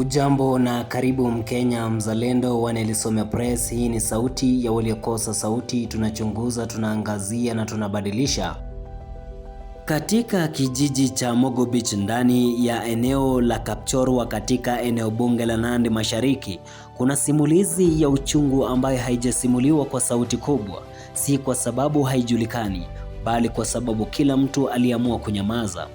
Ujambo na karibu Mkenya mzalendo wa Nelisome Press. Hii ni sauti ya waliokosa sauti. Tunachunguza, tunaangazia na tunabadilisha. Katika kijiji cha Mogo Beach ndani ya eneo la Kapchorwa katika eneo bunge la Nandi Mashariki, kuna simulizi ya uchungu ambayo haijasimuliwa kwa sauti kubwa, si kwa sababu haijulikani, bali kwa sababu kila mtu aliamua kunyamaza.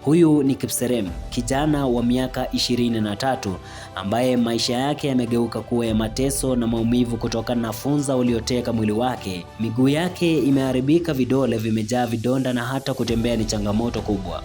Huyu ni Kipserem, kijana wa miaka 23 ambaye maisha yake yamegeuka kuwa ya mateso na maumivu kutokana na funza ulioteka mwili wake. Miguu yake imeharibika, vidole vimejaa vidonda na hata kutembea ni changamoto kubwa.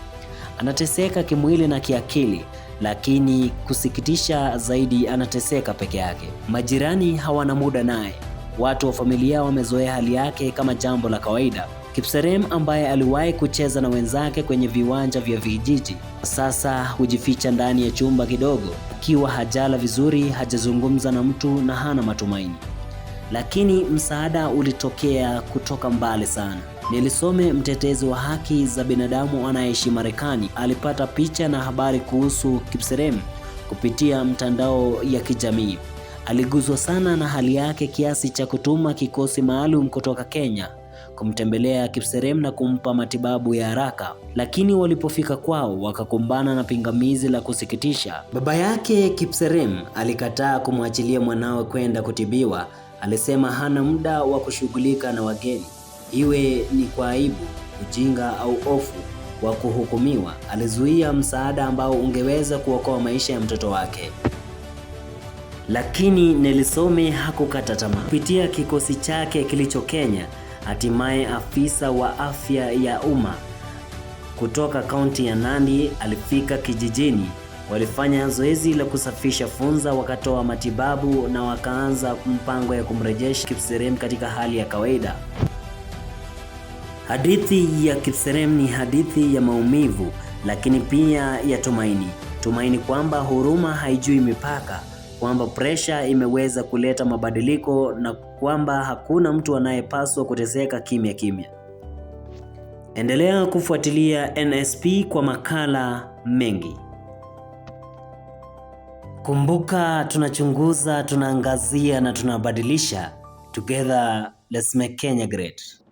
Anateseka kimwili na kiakili, lakini kusikitisha zaidi, anateseka peke yake. Majirani hawana muda naye. Watu wa familia wamezoea hali yake kama jambo la kawaida. Kipserem ambaye aliwahi kucheza na wenzake kwenye viwanja vya vijiji, sasa hujificha ndani ya chumba kidogo, akiwa hajala vizuri, hajazungumza na mtu na hana matumaini. Lakini msaada ulitokea kutoka mbali sana. Nilisome, mtetezi wa haki za binadamu anayeishi Marekani, alipata picha na habari kuhusu Kipserem kupitia mtandao ya kijamii. Aliguzwa sana na hali yake kiasi cha kutuma kikosi maalum kutoka Kenya kumtembelea Kipserem na kumpa matibabu ya haraka, lakini walipofika kwao wakakumbana na pingamizi la kusikitisha. Baba yake Kipserem alikataa kumwachilia mwanawe kwenda kutibiwa. Alisema hana muda wa kushughulika na wageni, iwe ni kwa aibu, ujinga au hofu wa kuhukumiwa. Alizuia msaada ambao ungeweza kuokoa maisha ya mtoto wake. Lakini Nelisome hakukata tamaa. Kupitia kikosi chake kilicho Kenya, Hatimaye afisa wa afya ya umma kutoka kaunti ya Nandi alifika kijijini, walifanya zoezi la kusafisha funza, wakatoa matibabu na wakaanza mpango ya kumrejesha Kipserem katika hali ya kawaida. Hadithi ya Kipserem ni hadithi ya maumivu, lakini pia ya tumaini, tumaini kwamba huruma haijui mipaka kwamba presha imeweza kuleta mabadiliko na kwamba hakuna mtu anayepaswa kuteseka kimya kimya. Endelea kufuatilia NSP kwa makala mengi. Kumbuka, tunachunguza, tunaangazia na tunabadilisha. Together, let's make Kenya great.